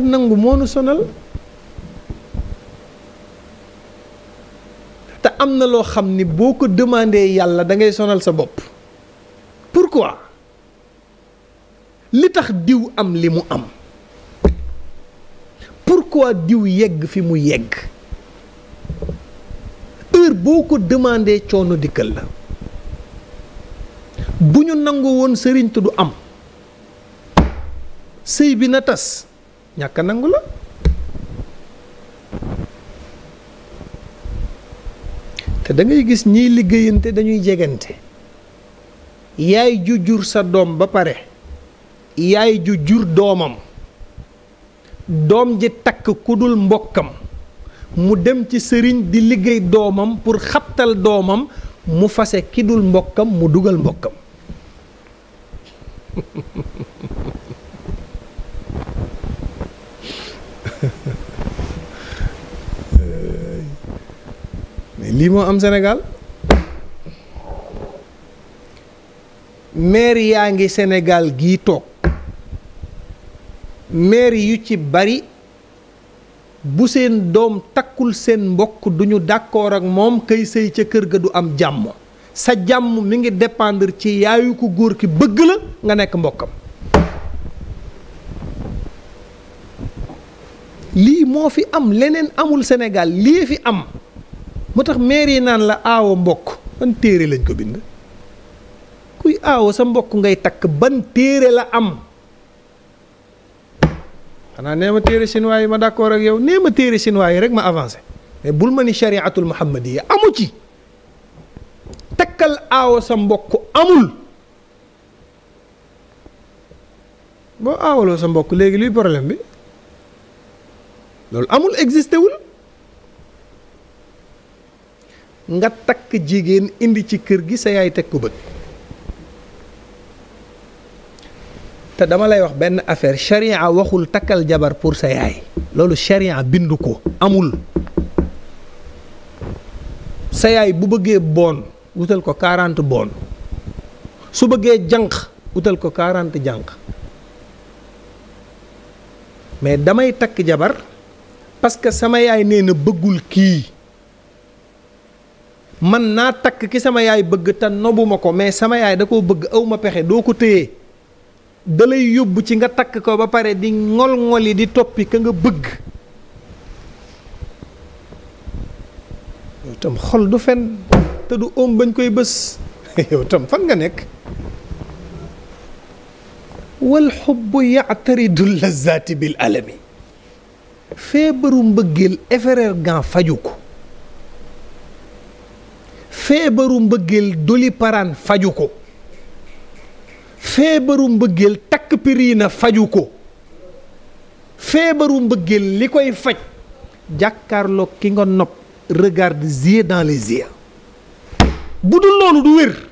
ñàkk nangu moo sonal te am na loo xam ni boo ko demandé yàlla dangay sonal sa bopp pourquoi li tax diw am li mu am pour pourquoi diw yegg fi mu yegg heure boo ko demandé coono dikkal la bu ñu nangu woon sëriñ du am sëy bi na tas ñàkk nangu la te da ngay gis ñiy liggéeyante dañuy jegante yaay ju jur sa doom ba pare yaay ju jur doomam doom ji takk ku dul mbokkam mu dem ci sëriñ di liggéey doomam pour xabtal doomam mu fase ki dul mbokkam mu dugal mbokkam lii moo am senegaal maire yaa ngi senegaal gi toog maire yu ci bari bu seen doom takkul seen mbokk duñu d'accord ak moom kay sëy ca kër ga du am jàmm sa jàmm mi ngi dépendre ci yaayu ko góor ki bëgg la nga nekk mbokkam lii moo fi am leneen amul senegaal lii fi am moo tax maire yi naan la aawo mbokk ban téere lañ ko bind kuy aawo sa mbokk ngay takk ban téere la am xanaa nee ma téere chinois yi ma d'accord ak yow nee ma téere chinois yi rek ma avancé mais bul ma ni chariatul muhammadiya amu ci takkal aawo sa mbokk amul boo aawaloo sa mbokk léegi luy problème bi loolu amul existé wul nga takk jigéen indi ci kër gi sa yaay teg ko bët te dama lay wax benn affaire charia waxul takkal jabar pour sa yaay loolu charia bindu ko amul sa yaay bu bëggee boon wutal ko 40 bon su bëggee jànq wutal ko 40 jànq mais damay takk jabar parce que sama yaay nee na bëggul kii man naa takk ki sama yaay bëgg te nobuma ko mais sama yaay da koo bëgg awma pexe doo ko téye da yóbbu ci nga takk ko ba pare di ngol ngol di toppi ka nga bëgg tam xol du fen te du oom bañ koy bës yow tam fan nga nekk wal xubbu yaataridu lazaati bil alami feebaru mbëggeel effereer gan faju ko feebaru mbëggeel doli paraan faju ko feebaru mbëggeel takk piriina faju ko feebaru mbëggeel li koy faj jàkkaarloo ki nga nopp regarde yeux dans le yeux bu dul loolu du wér